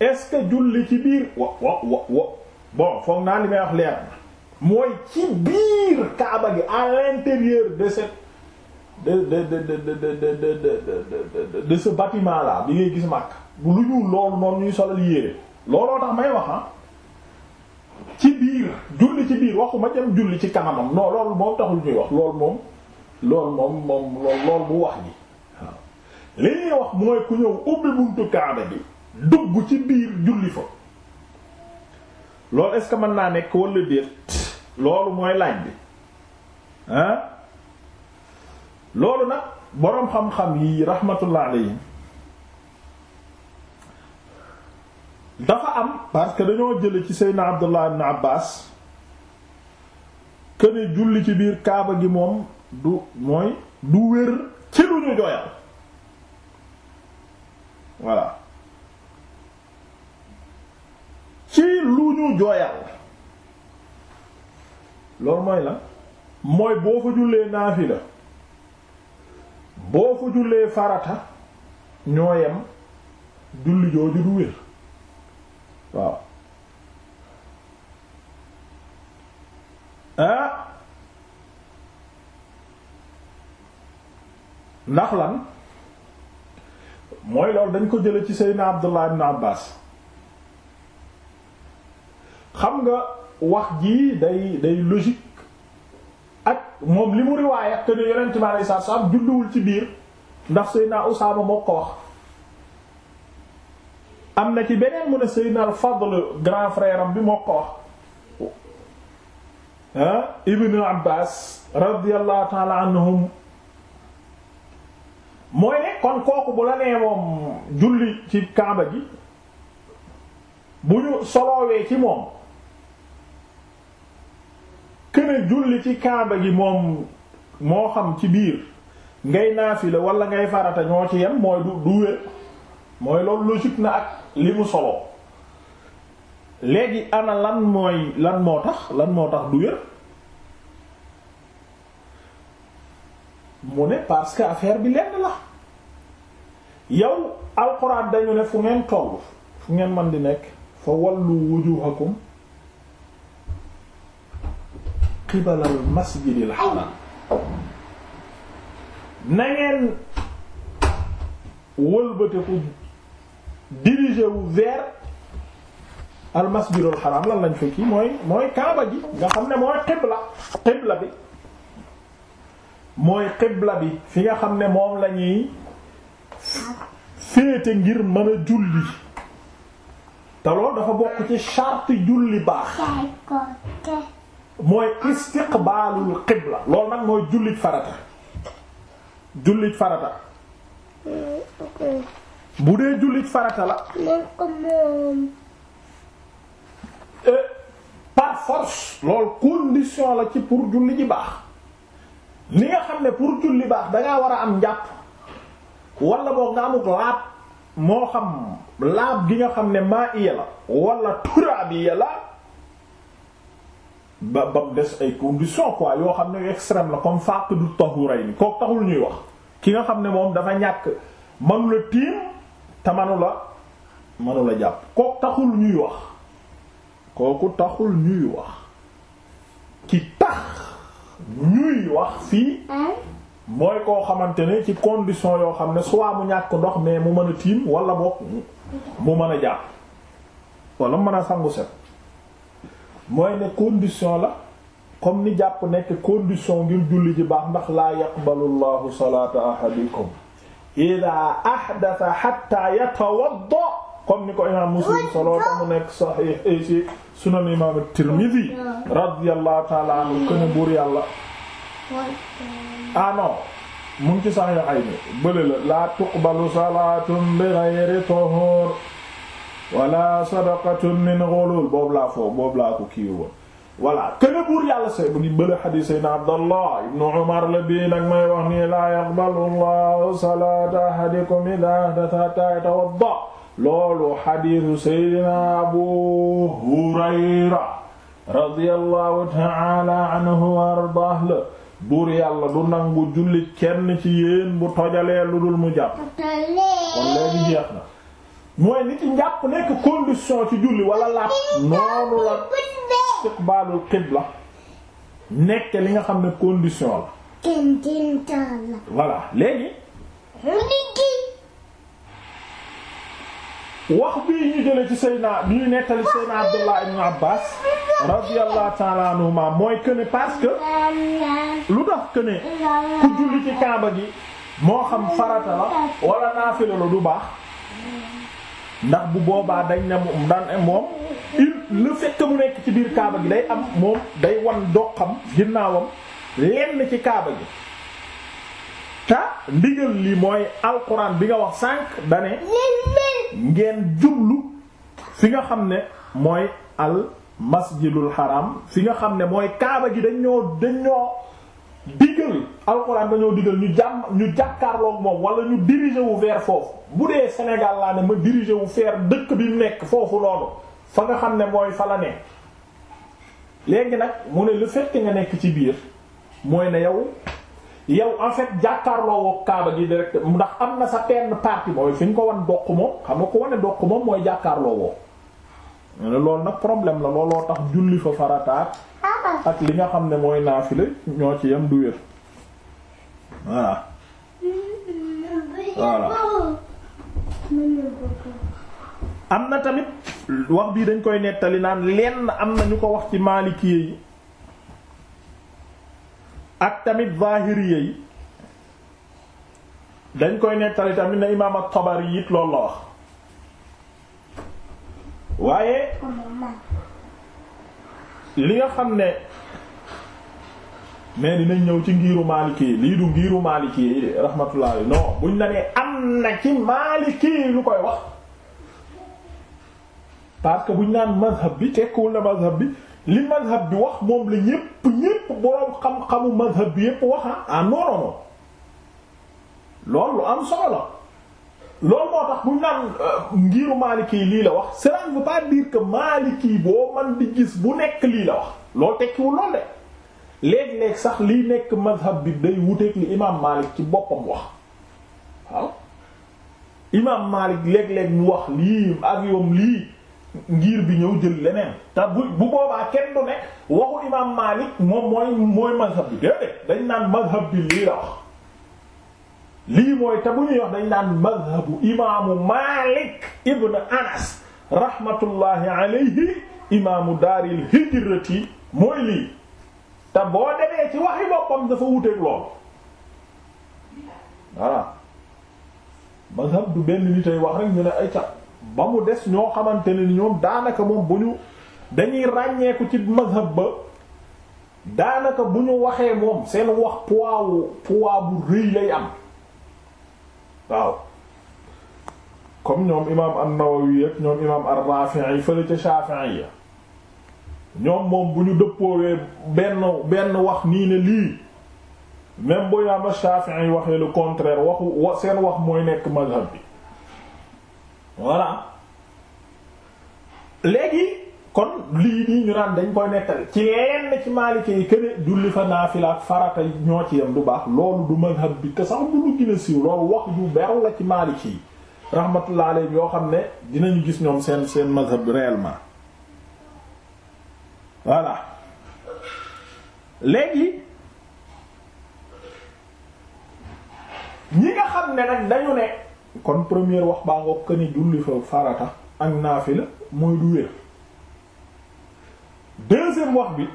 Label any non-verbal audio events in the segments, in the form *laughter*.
est-ce julli ci biir wa wa wa wa foog naa li may wax leer na mooy ci biir kaaba gi à l'intérieur de cette de de de de de de de de de ce bâtiment là bi ngay gis màkk lu ñu loolu noonu ñuy solal yére looloo tax may wax ci biir julli ci biir waxuma jëm julli ci kanamam non loolu moom taxul ñuy wax lool moom loolu moom moom loolu bu wax ji waaw li ñuy wax mooy ku ñëw ubbi buntu kaaba gi. dugg ci biir julli fa loolu est mën naa nekk walla déet loolu mooy laaj bi ah loolu nag boroom xam-xam yi rahmatullah yi dafa am parce que dañoo jële ci seydna abdullah ibn abbas këne julli ci biir kaaba gi moom du mooy du wér ci lu ñu joyal voilà ci lu ñu jooyal loolu mooy la mooy boo fa jullee naafila boo fa jullee farata ñoo yem julli jooju du wér waaw ah ndax lan mooy loolu dañ ko jële ci Seydina Abdullah ibn Abbas xam nga wax jii day day logique ak moom li mu riwaay ak ne yonent bi alayhi salaatu ci biir ndax Seydina Usaama moo ko wax am na ci beneen mu ne Seydina al-Fadl grand frère am bi moo ko wax ah Ibnu Abbas radiyallahu ta'ala anhum mooy ne kon kooku bu la nee moom julli ci kaaba ji bu ñu soloowee ci moom këne julli ci kaaba gi moom moo xam ci biir ngay naafila walla ngay farata ñoo ci yem mooy du du wér mooy loolu logique na ak li mu solo léegi ana lan mooy lan moo tax lan moo tax du wér mu ne parce que affaire bi lenn la yow alxuraan dañu ne fu ngeen tollu fu ngeen man di nekk fa wallu wujuhakum qibalal masjidil haram na ngeen wëlbateku dirigé wu vers al masjidul haram lan lañ fa kii mooy mooy kaaba gi nga xam ne mooy qibla qibla bi mooy qibla bi fi nga xam ne moom la ñuy ngir mën a julli te loolu dafa bokk ci charte julli baax mooy istiqbaalul qibla loolu nag mooy jullit farata jullit farata bu dee jullit farata la par force loolu condition la ci pour julli ji baax li nga xam ne pour julli baax dangaa war a am njàpp wala boo nga amuk laab moo xam laab gi nga xam ne maa iya la wala turaabiya la ba ba mu des ay conditions quoi yoo xam ne extrême la comme fàq du tahuray ni kooku taxul ñuy wax ki nga xam ne moom dafa ñàkk manu la tiim te manu la manu la jàpp kooku taxul ñuy wax kooku taxul ñuy wax ki tax ñuy wax fii mooy koo xamante ne ci condition yoo xam ne soit mu ñàkk ndox mais mu mën a tiim wala boog mu mën a jàpp wala mën a sangu set mooy ne condition la comme ni jàpp nekk condition ngir julli ji baax ndax laa yaqbalu llahu salaata ahadikum ida ahdatha hatta yatawadda comme ni ko imaam muslim solo ba mu nekk sahih eh, ci sunan imaam tirmidhi radiyallahu ta'ala anhu kenn buur yàlla ah non mu ngi ci sahih ay ni bële la laa tuqbalu salaatun bi ghayri tuhur wala sadaqatun min ghulul boobu laa foofu boobu laa ko kii woon voilà kene buur yàlla say bu ngi bële xadiis sayna abdallah ibnu umar la bii nag may wax nii laa yaqbalu allahu salaata ahadikum idaa ahdatha yatawadda loolu xadiisu saydina abu hurayra radiyallahu taala anhu wa ardaah la buur yàlla du nangu julli kenn ci yéen bu tojalee lu dul mu jàpp kon léegi jeex na mooy nit ci njàpp nekk condition ci julli wala laab noonu la istiqbaalul qibla nekk li nga xam ne condition la voilà léegi wax bii ñu jële ci Seydina bi ñu nettali Seydina Abdullah ibn Abbas radiyallahu ta'ala anhuma mooy que ne parce que lu tax que ku julli ci Kaaba gi moo xam farata la wala naafila du baax ndax bu boobaa dañ ne moom daan moom lu le mu nekk ci biir kaaba gi day am moom day wan doxam ginnaawam lenn ci kaaba gi te ndigal li mooy alquran bi nga wax sànq dane ngeen jublu fi nga xam ne mooy al masjidul haram fi nga xam ne mooy kaaba gi dañ ñoo dañ ñoo digal alxuraan dañoo digal ñu jàmm ñu jàkkaarloo moom wala ñu diriger wu vers foofu bu dee Sénégal laa ne ma diriger wu vers dëkk bi nekk foofu loolu fa nga xam ne mooy fa la ne léegi nag mu ne lu fekk nga nekk ci biir mooy ne yow yow en fait jàkkaarloo kaaba gi direct ndax am na sa benn partie mooy fi ñu ko wan doq moom xam nga ko wane doq moom mooy jàkkaarloo woo. loolu nag problème la looloo tax julli fa farataat ak li nga xam ne mooy naafile ñoo ci yem du wér voilà am na tamit wax bii dañ koy nettali naan lenn am na ñu ko wax ci maalikiyé yi ak tamit zahiriyé yi dañ koy nettali tamit na imaam tabari it loolu la wax waaye li nga xam ne mais dinañ ñëw ci ngiiru Maliki yi lii du ngiiru Maliki yi rahmatullah buñ la nee am na ci Maliki lu koy wax parce que buñ naan mazhab bi tekkiwul na mazhab bi li mazhab bi wax moom la ñépp ñépp boroom xam-xamu mazhab bi yépp wax ah, ah non non loolu am solo loolu moo tax buñ naan euh, ngiru Maliki yi lii la wax cela ne veut pas dire que yi boo man di gis bu nekk lii la wax loolu tekkiwul lool de léeg-léeg sax liy nekk mazhab bi day wuteeg li imaam Malik ci boppam wax waaw imaam Malik léeg-léeg mu wax lii ak yoom lii ngir bi ñëw jël leneen te bu bu boobaa kenn du waxu imaam Malik moom mooy mazhab bi déedéet dañ naan mazhab bi lii la wax lii mooy te bu ñuy wax dañ daan madhabu imaamu Malik ibn Anas rahmatullahi alayhi imaamu daaril hijrati mooy lii te boo demee ci waxi boppam dafa wuteeg lool voilà madhab du benn nit ay wax rek ñu ne ay ca ba mu des ñoo xamante ne ñoom daanaka moom bu ñu dañuy ràññeeku ci madhab ba daanaka bu ñu waxee moom seen wax poids wu bu rëy lay am waaw comme ñoom imaam an-Nawawi ak ñoom imaam ar-Rafi'i fële ca Shafi'i ya ñoom moom bu ñu dëppoowee benn benn wax nii ne lii même bu imaam Shafi'i waxee le contraire waxu seen wax mooy nekk mazhab bi voilà léegi kon lii nii ñu naan dañ koy nettali ci yenn ci maalike yi këne julli fa naafila ak farata ñoo ci yem du baax loolu du mazhab bi te sax bu lu gën siiw loolu wax ju beew la ci maalike yi rahmatullah yoo xam ne dinañu gis ñoom seen seen mazhab réellement voilà léegi ñi nga xam ne nag dañu ne kon première wax baa ngoog këne julli fa farata ak naafila mooy du wér deuxième wax bi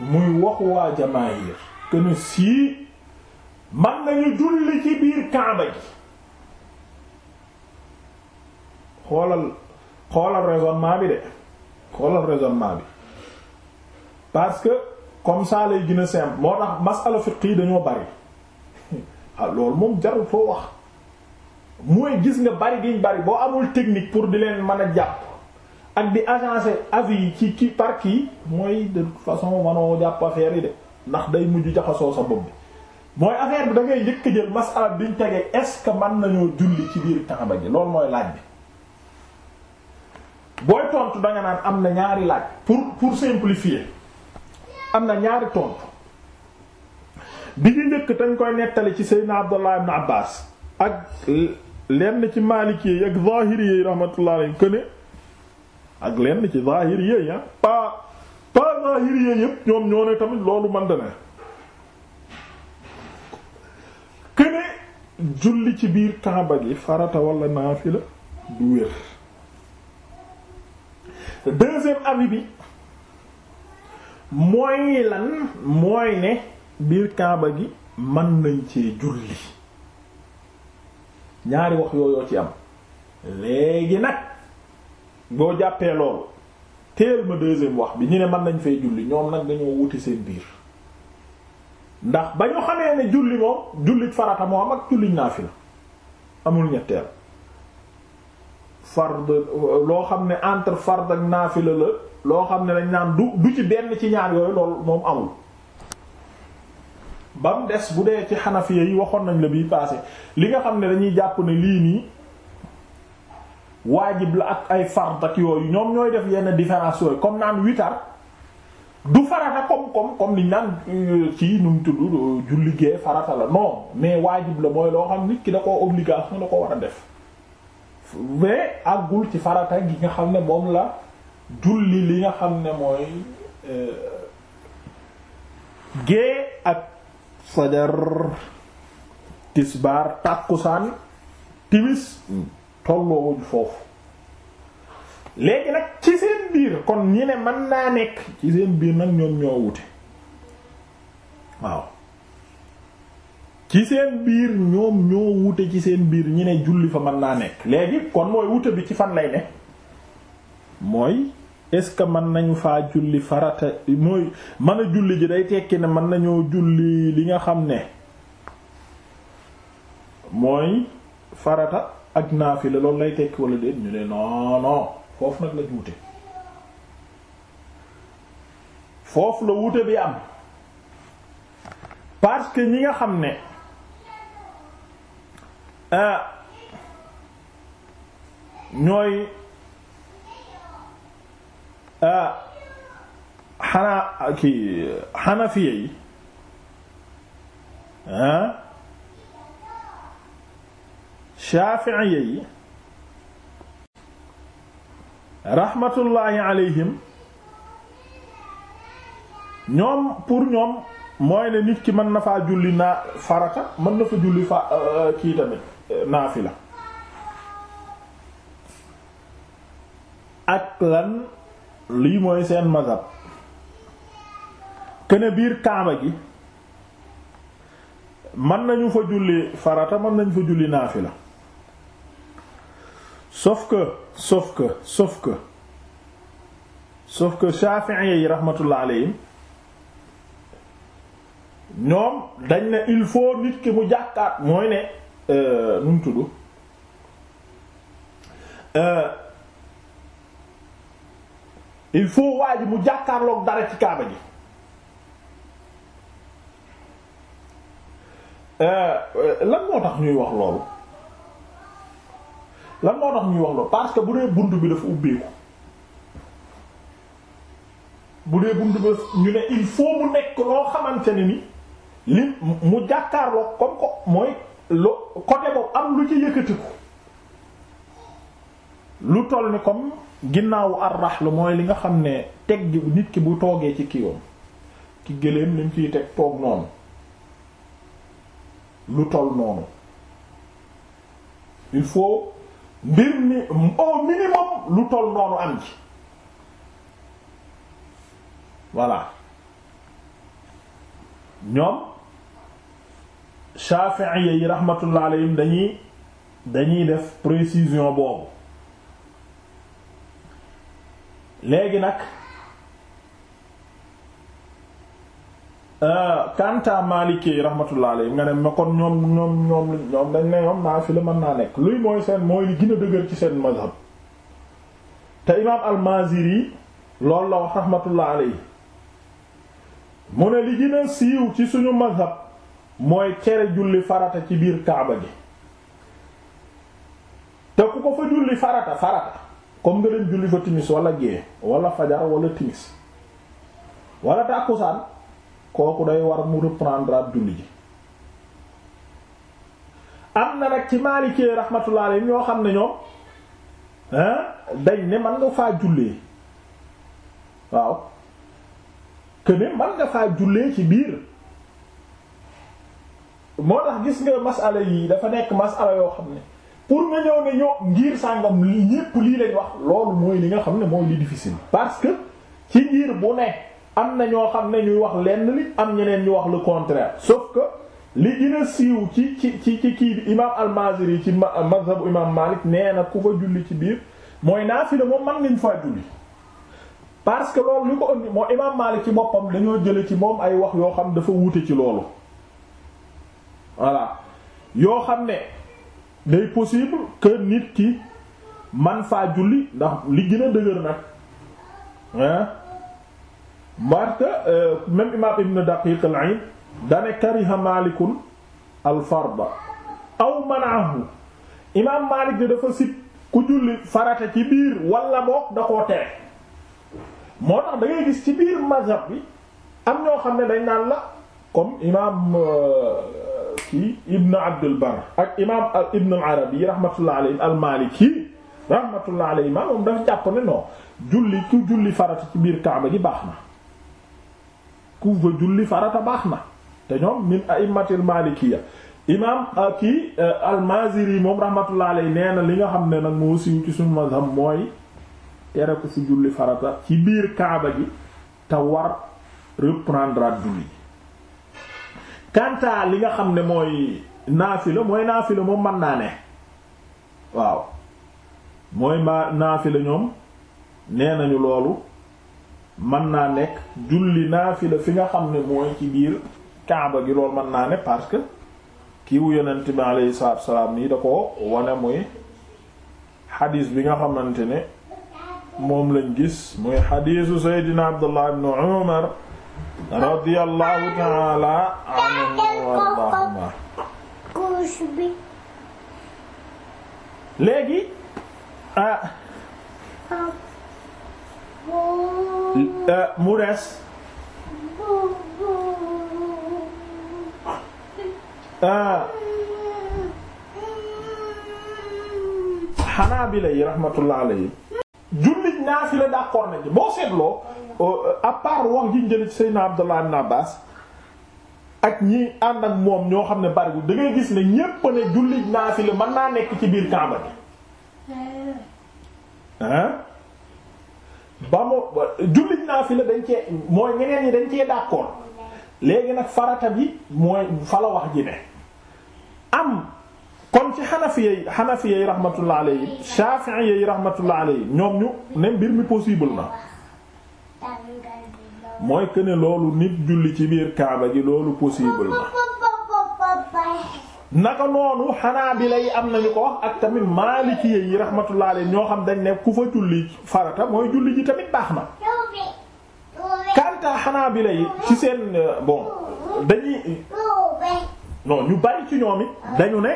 muy wax waa jamaahir que ne sii man nañu julli ci biir kaaba gi xoolal xoolal raisonnement bi de xoolal raisonnement bi parce que comme ça lay gën a simple moo tax masala fiqh yi dañoo bari *laughs* ah loolu moom jarul foo wax mooy gis nga bari giñ bari boo amul technique pour di leen mën a jàpp ak di agencer avis yi ci kii par mooy de toute façon manoo jàpp affaire yi de ndax day mujj jaxasoo sa bopp bi mooy affaire bi da ngay njëkk jël masala biñ tegee est-ce que mën nañoo julli ci biir Kaaba gi loolu mooy laaj bi booy tontu danga naan am na ñaari laaj pour pour simplifier am na ñaari tontu bi ñu njëkk dañ koy nettali ci Seydina Abdullah ibn Abbas ak lenn ci Maliki yi ak Zahiri yi rahmatullahi alayhi ak lenn ci zahir yéey ah pas pas zahir yéey yëpp ñoom ñoo ne tamit loolu man da ne këne julli ci biir Kaaba gi farata wala naafila du wér deuxième avis bi mooy lan mooy ne biir Kaaba gi man nañ cee julli ñaari wax yooyoo ci am léegi nag boo jàppee loolu teel ma deuxième wax bi ñu ne mën nañ fee julli ñoom nag dañoo wuti seen biir ndax ba ñu xamee ne julli moom jullit farata moo am ak julliñ naafila amul ñetteel fard loo xam ne entre fard ak naafila la loo xam ne dañ naan du du ci benn ci ñaar yooyu loolu moom amul ba mu des bu dee ci xanafiya yi waxoon nañ la bii passé li nga xam ne dañuy jàpp ne lii nii waajib la ak ay fard ak yooyu ñoom ñooy def yenn différence yooyu comme naan witar du farata comme comme comme liñ naan ci euh, nu mu tudd euh, julli gee farata la non mais waajib la mooy loo xam nit ki da koo obligation da ko war a def mais àggul ci farata gi nga xam ne moom la julli li nga xam ne mooy euh, gée ak fajar tisbaar tàkkusaan timis hmm. tolloowuñ foofu léegi nag ci seen biir kon ñi ne mën naa nekk ci seen biir nag ñoom ñoo wute waaw ci seen biir ñoom ñoo wute ci seen biir ñi ne julli fa man naa nekk léegi kon mooy wute bi ci fan lay ne mooy est-ce que mën nañu faa julli farata mooy mën a julli ji day tekki ne mën nañoo julli li nga xam ne mooy farata ak naafila loolu lay tekki wala déet ñu ne non non foofu nag la wute foofu la wute bi am parce que ñi nga xam ne euh, ñooy ah xanaa kii xanafiye yi Shafi'iyya yi rahmatullahi alayhim ñoom pour ñoom mooy ne nit ki mën na faa julli naa farata mën na fa julli fa euh, kii tamit euh, naafila ak lan lii mooy seen mazhab kene biir kaaba gi mën nañu fa julli farata mën nañu fa julli naafila sauf que sauf que sauf que sauf que Shafi'i yi rahmatullah ñoom dañ ne il faut nit ki mu jàkkaat mooy ne euh, nu mu tudd euh, il faut waa ji mu jàkkaarloog dara ci kaaba ji euh, lan moo tax ñuy wax loolu lan moo tax ñuy wax loolu parce que bu dee bunt bi dafa ubbeeku bu dee bunt bi ñu ne il faut mu nekk loo xamante ni li mu jàkkaarloo comme ko mooy lo côté boobu am lu ci yëkkatiku lu toll ni comme ginnaawu arraxlu mooy li nga xam ne teg gi nit ki bu toogee ci kiiwam ki gëléem lim ciy teg toog noonu lu toll noonu il faut mbir mi au minimum lu toll noonu am ci voilà ñoom Shafi'i yi rahmatullah alayhim dañuy dañuy def précision boobu léegi nag Euh, kanta Maliki rahmatullah alayhi nga ne ma kon ñoom ñoom ñoom ñoom ne ñoom naa fi la mën naa nekk luy mooy seen mooy li gën a dëgër ci seen mazhab te imaam al-Maziri loolu la wax rahmatullah alayhi mu ne li gën a siiw ci suñu mazhab mooy cere julli farata ci biir Kaaba gi te ku ko fa julli farata farata comme nga dem julli fa timis wala gée wala fajar wala timis wala tàkkusaan kooku day war mu reprendre ab julli ji am na nag ci maalikee rahmatullah alayhi ñoo xam ne ñoom dañ ne man nga faa jullee waaw këne man nga faa jullee ci biir moo tax gis nga masala yi dafa nekk masala yoo xam ne pour nga ñëw ne ñoo ngir sàngam ñépp lii lañ wax loolu mooy li nga xam ne mooy li difficile parce que ci ngir bu ne am na ñoo xam ne ñuy wax lenn li am ñeneen ñu wax le contraire sauf que li gën a siiw ci ci ci ci kii bi imaam al-Maziri ci mazhabu imaam Malik nee na ku fa julli ci biir mooy naafila moom man ngañ faa julli parce que loolu li ko ëndi moo imaam Malik ci boppam dañoo jële ci moom ay wax yoo xam dafa wuute ci loolu voilà yoo xam ne day possible kër nit ki man faa julli ndax li gën a dëgër nag marque euh, même imam ibn daqiq al-aid dane kariha malikun al farda aw manaahu imam malik de dafa sit ku julli farata ci biir walla boog da koo tere moo tax dangay gis ci biir mazhab bi am ñoo xam ne dañ naan la comme imam euh, kii ibn abdul bar ak imam ibn al arabi rahmatullah alayhi al maliki rahmatullah alayhi moom dafa jàpp ne non julli ku julli farata ci biir kaaba gi baax na ku fa julli farata baax na te ñoom min a'immatil malikiyya imaam ah, kii eh, al moom rahmatullah yi nee na li nga xam ne nag moo siiw ci suñu mazhab mooy tere ku fi julli farata ci biir kaaba gi te war reprendre at julli kantaa li nga xam ne mooy naafila mooy naafila moom man naa ne waaw mooy ma naafila ñoom nee nañu loolu mën naa nekk julli naafila fi nga xam ne mooy ci biir kaaba gi loolu mën naa ne parce que kii wu yonent bi alayhi salaatu salaam nii da ko wane muy xadiis bi nga xamante ne moom lañ gis muy xadiisu Seydina Abdullah ibn Umar radiyallahu ta'ala anhu wa ardaahuma léegi ah Uh, mu des ah. Hanabila yi rahmatullah alayhi jullit naafila d'accord nañ boo seetloo euh, à wax ji njëlit Seydina Abdullah ibn Abbas ak ñi ànd ak moom ñoo xam ne bariwul da ngay gis ne ñépp ne jullit naafila mën naa nekk ci biir Kaaba bi hein jullit naafila dañ cee mooy ñeneen ñi dañ cee d'accord léegi nag farata bi mooy fa wax ji ne am kon ci xanafiyey xanafiyey rahmatullah alayhi shafi'iyey rahmatullah alayhi ñoom ñu ne mbir mi possible na mooy que ne loolu nit julli ci biir kaaba gi loolu possible na naka noonu xanaabila yi am nañu ko wax ak tamit maalikiyey yi rahmatullah alayhi ñoo xam dañ ne ku fa julli farata mooy julli ji tamit baax na kanta Hanabila yi ci seen euh, bon dañuy non ñu bari ci ñoom it dañu ne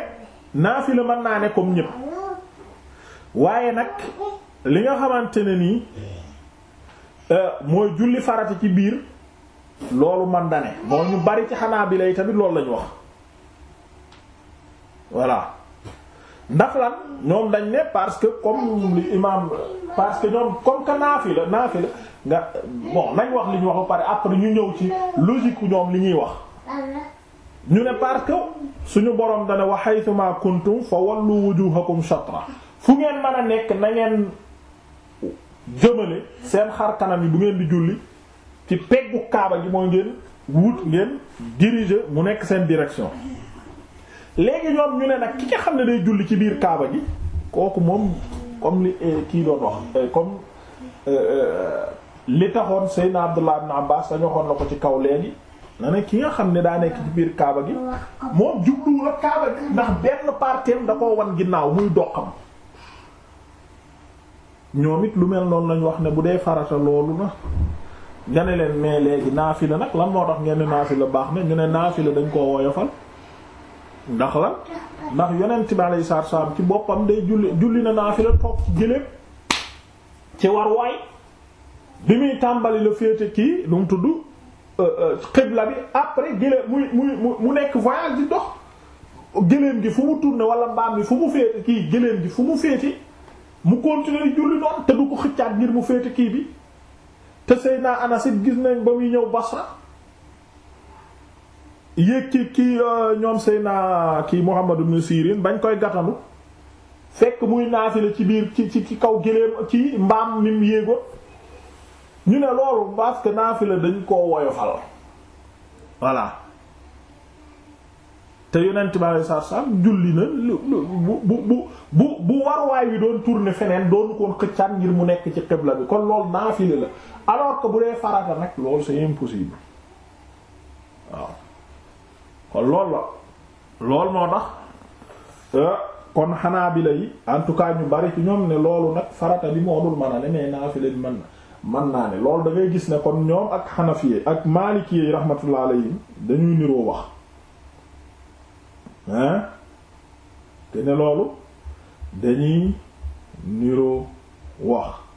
naafila mën naa ne comme ñépp waaye nag li nga xamante ne nii euh, mooy julli farata ci biir loolu man da ne ñu bari ci Hanabila yi tamit loolu lañu wax voilà ndax lan ñoom dañ ne parce que comme li parce que ñoom comme que naafi la naafi la nga bon nañ wax li ñu wax ba pare après ñu ñëw ci logique ñoom li ñuy wax ñu ne parce que suñu borom dana wa haythuma kuntum fa wallu wujuhakum shatra fu ngeen mën a nekk na ngeen jëmale seen xar kanam yi bu ngeen di julli ci peggu kaaba gi moo ngeen wut ngeen diriger mu nekk seen direction léegi ñoom ñu ne nag ki nga xam ne day julli ci biir kaaba gi kooku moom comme li eh, kii doon wax eh, comme eh, li taxoon Seydina Abdullah ibn Abbas dañu waxoon la ko ci kaw léegi na ne ki nga xam ne daa nekk ci biir kaaba gi moom jubluwul ak kaaba gi ndax benn parteem da koo wan ginnaaw muy doxam ñoom it lu mel noonu lañu wax ne bu dee farata loolu na nga ne leen mais léegi la nag lan moo tax ngeen naafila baax na ñu ne naafila dañ koo woyofal ndax la ndax yonent bi alayhi salaatu salaam ci boppam day julli julli na naafila toog ci gëléem ci war waay bi muy tàmbali la féete kii lu mu tudd euh, euh, xibla bi après gëléem muy muy mu nekk voyage di dox gëléem gi fu mu tourné wala mbaam bi fu mu féete kii gëléem gi fu mu féete mu continuer julli noonu te du ko xëccaat ngir mu féete kii bi te Seydina Anas gis nañ ba muy ñëw Basra yéeg ci ki euh, ñoom Seyna kii Muhammad ibn Sirin bañ koy gàttandu fekk muy naafile ci biir ci ci kaw géléem ci mbaam mi yéego ñu ne loolu parce que naafile dañ koo woyofal voilà te yonent bi alei satu salaam julli na lu bu bu bu bu warwaay wi doon tourner feneen doonu koon xëccaan ngir mu nekk ci xibla bi kon loolu naafile la alors que bu dee farata nag loolu c'est impossible kon loolu la loolu moo tax euh, kon xanaa bi lay en tout cas ñu bari ci ñoom ne loolu nag farata bi moo dul mën a ne mais naafila bi mën na mën naa ne loolu da gis ne kon ñoom ak xanafiye ak maalikiyé yi rahmatullah alayhim dañuy niroo wax hein te loolu dañuy niroo wax